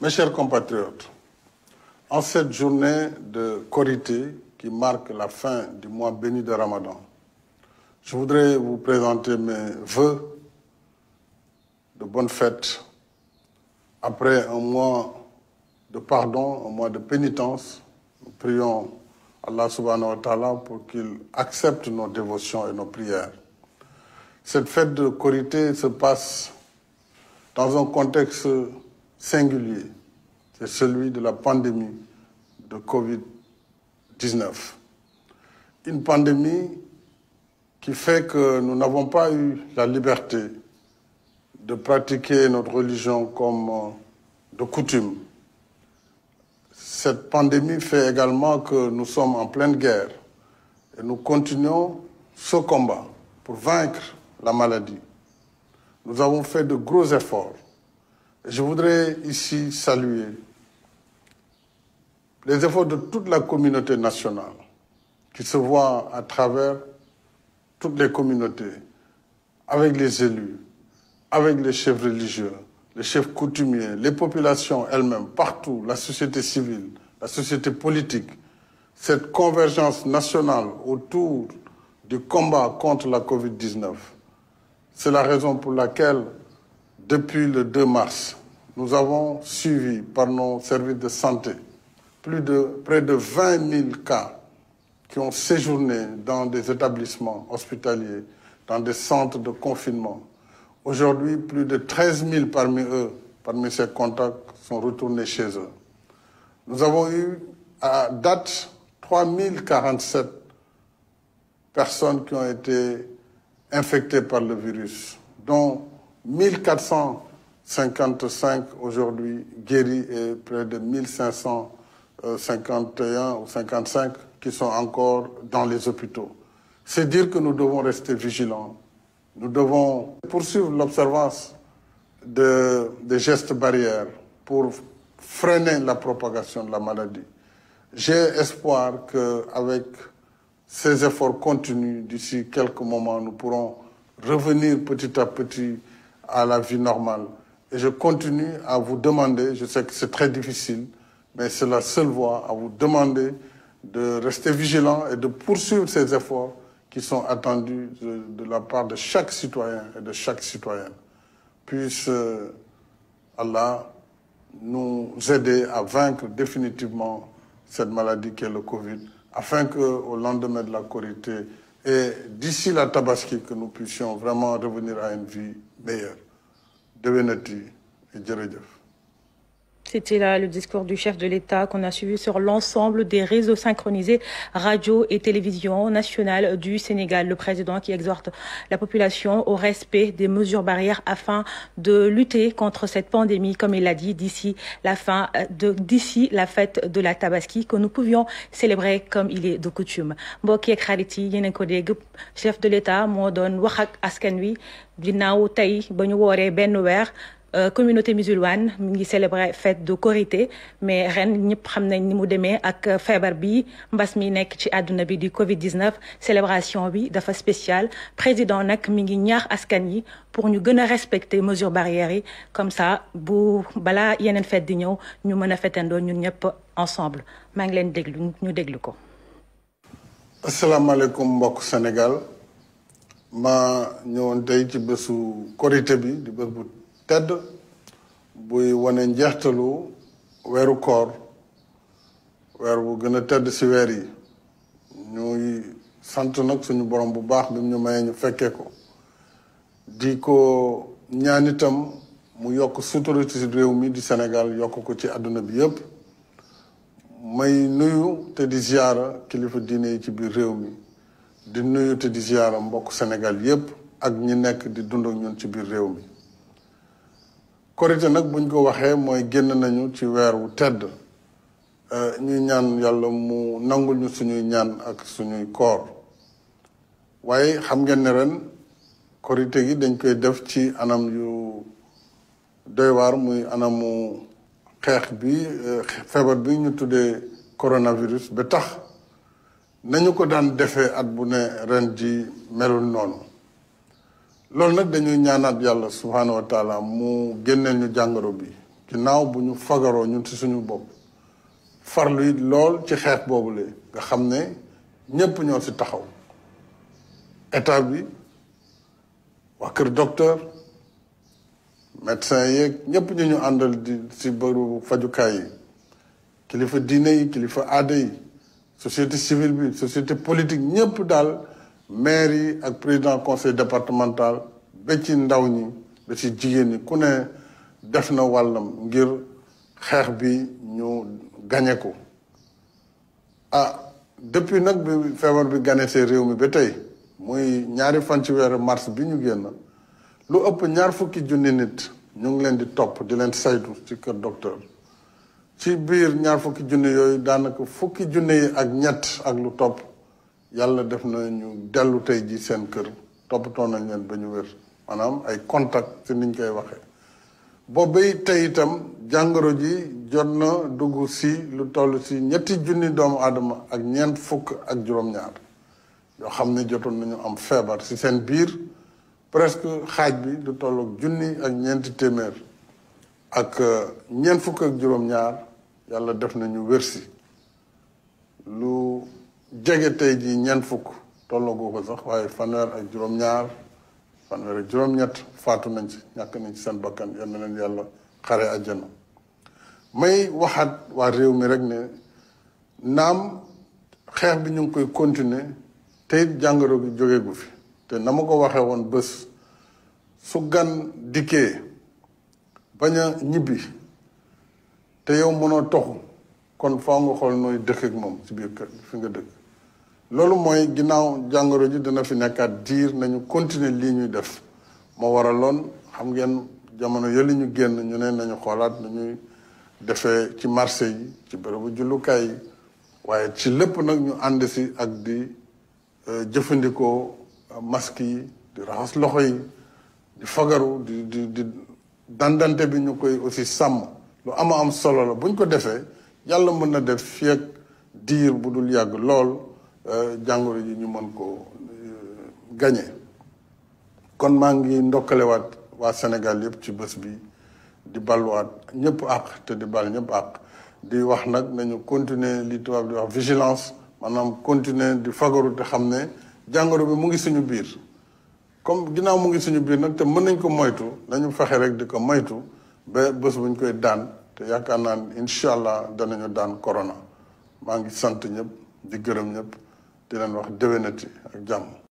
Mes chers compatriotes, en cette journée de Corité qui marque la fin du mois béni de Ramadan, je voudrais vous présenter mes vœux de bonne fêtes après un mois de pardon, un mois de pénitence. Nous prions Allah subhanahu wa pour qu'il accepte nos dévotions et nos prières. Cette fête de Corité se passe dans un contexte singulier, c'est celui de la pandémie de Covid-19. Une pandémie qui fait que nous n'avons pas eu la liberté de pratiquer notre religion comme euh, de coutume. Cette pandémie fait également que nous sommes en pleine guerre et nous continuons ce combat pour vaincre la maladie. Nous avons fait de gros efforts Je voudrais ici les efforts de toute la communauté nationale qui se à travers toutes les communautés, avec les élus, avec les chefs religieux, les chefs coutumiers, les populations elles partout, la société civile, la société politique, cette convergence nationale autour du combat contre la COVID-19. C'est la raison pour laquelle Depuis le 2 mars, nous avons par nos services de santé plus de près de 20 000 cas qui ont séjourné des établissements hospitaliers, dans des centres de confinement. Aujourd'hui, plus de 13 000 parmi eux, parmi ces contacts, sont retournés chez eux. Nous avons eu à date 3047 personnes qui ont par le virus, dont 1455 aujourd'hui guéris et près de 1551 ou 55 qui sont encore dans les hôpitaux. C'est dire que nous devons rester vigilants. Nous devons poursuivre l'observance de, des gestes barrières pour freiner la propagation la maladie. J'ai espoir qu'avec ces efforts continus, d'ici quelques moments, nous pourrons revenir petit à à la vie normale. Et je continue à vous demander, je sais que c'est très difficile, mais c'est la seule voie à vous demander de rester vigilant et de poursuivre ces efforts qui sont attendus de, de la part de chaque citoyen et de chaque citoyenne. Puisse euh, Allah nous aider à vaincre définitivement cette maladie qu'est le Covid, afin qu'au lendemain de la Corité, et d'ici la Tabaski que nous puissions vraiment revenir à une vie meilleure. Dewenati et jërëjëf. C'était là le discours du chef de l'État qu'on a suivi sur l'ensemble des réseaux synchronisés radio et télévision nationale du Sénégal. Le président qui exhorte la population au respect des mesures barrières afin de lutter contre cette pandémie, comme il l'a dit, d'ici la fin euh, de d'ici la fête de la Tabaski que nous pouvions célébrer comme il est de coutume. mbokk yeeg xarit yi yéen a ko dégg chef de l'État moo doon wax ak askan wi ginnaaw tey ba ñu wooree benn weer. Euh, communauté musulmane mu ngi célébrer fête du Korité mais ren ñëpp xam nañ ni mu demee ak euh, feebar bi mbas mi nekk ci àdduna bi di Covid 19 célébration bi dafa spécial président nag mi ngi ñaax askan yi pour ñu gën a respecter mesures yi comme ça bu balaa yeneen fête di ñëw ñu mën a fetandoo ñun ñëpp ensemble maa ngi leen déglu ñu déglu ko. asalaamaaleykum ma ñëwoon tey ci bésu Korité bi di tedd buy wane njeextalu weeru koor weer bu gën a tëdd ci weer yi ñuy sant nag suñu borom bu baax bi ñu mayee ñu fekkee ko di ko ñaan itam mu yokk sutura ci réew mi di Sénégal yokk ko ci àdduna bi yépp may nuyu te di ziara kilifa diine yi ci biir réew mi di nuyu te di ziara mbokk Sénégal yépp ak ñi nekk di dund ak ñun ci biir réew mi korite nag buñ ko waxee mooy génn nañu ci weer wu tedd euh, ñuy ñaan yàlla mu nangul ñu suñuy ñaan ak suñuy koor waaye xam ngeen ne ren korite gi dañ koy def ci anam yu doy waar muy anamu xeex bi euh, feebar bi ñu tuddee coronavirus ba tax nañu ko daan defee at bu ne ren ji melul noonu loolu nag dañuy ñaanaat yàlla subhaanahu wa mu génneel ñu jàngoro bi ginnaaw bu ñu fagaroo ñu ci suñu bopp farlu it lool ci xeex boobu le nga xam ne ñépp ñoo ci taxaw état bi waa kër docteur médecin yeeg ñépp ñu ñu àndal di ci bëru fajukaay yi kilifa diine yi kilifa aada yi société civile bi société politique ñépp daal maire yi ak président conseil départemental ba ci ndaw ñi ba ci jigéen ñi ku ne def na wàllam ngir xeex bi ñu gañe ko ah depuis nag bi feebar bi gane see réew mi ba tey muy ñaari fan ci weeru mars bi ñu génn lu ëpp ñaar fukki junni nit ñu ngi leen di topp di leen saytu ci kër docteur ci biir ñaar fukki junni yooyu daanaka fukki junni yi ak ñett ak lu topp yàlla def na ñu dellu tey ji seen kër toppatoo nañ leen ba ñu wér maanaam ay contact ci niñ koy waxee boobay tey itam jàngoro ji jot na dugg si lu toll ci ñetti junni doomu aadama ak ñeent fukk ak juróom-ñaar yoo xam ne jotoon nañu am feebar si seen biir presque xaaj bi lu toll ak junni ak ñeenti téeméer ak euh, ñeent fukk ak juróom-ñaar yàlla def nañu wér si lu jege tey jii ñeent fukk tollagoo ko sax waaye fanweer ak juróom-ñaar fanweer ak juróom-ñett faatu nañ ci ñàkk nañ ci seen bakkan yal na leen yàlla xare àjjana may waxaat waa réew mi rek ne naam xeex bi ñu ngi koy continuer tey jàngoro bi jóge fi te na ma ko waxee woon bés su gan dikkee bañ a ñibbi te yow mënoo toxu kon faaw nga xool nooy dëkk moom ci biir kër fi nga dëkk loolu mooy ginnaaw jàngoro ji dina fi nekkaat diir nañu continuer lii ñuy def moo waraloon xam ngeen jamono yële ñu génn ñu ne nañu xoolaat nu ñuy defee ci marché yi ci bërëbu jullukaay yi waaye ci lépp nag ñu ànd si ak di euh, jëfandikoo mask yi di raxas loxo yi di fagaru di di dandante bi ñu koy aussi sàmm lu ama am solo la buñ ko defee yàlla mën na def fii ak diir bu dul yàgg lool. Euh, jàngoro ji ñu mën ko euh, gañe kon maa ngi ndokkalewaat waa Sénégal yëpp ci bës bi di balluwaat ñëpp àq te di bal ñëpp àq di wax nag nañu continuer li tubaab di wax vigilance maanaam continuer di fagaru te xam ne jàngoro bi mu ngi suñu biir comme ginnaaw mu ngi suñu biir nag te mën nañ ko moytu nañu fexe rek di ko moytu ba bés bu ñu koy daan te yaakaar naa ne incha allah danañu daan corona maa ngi sant ñëpp di gërëm ñëpp. di leen wax déwénati ak jàmm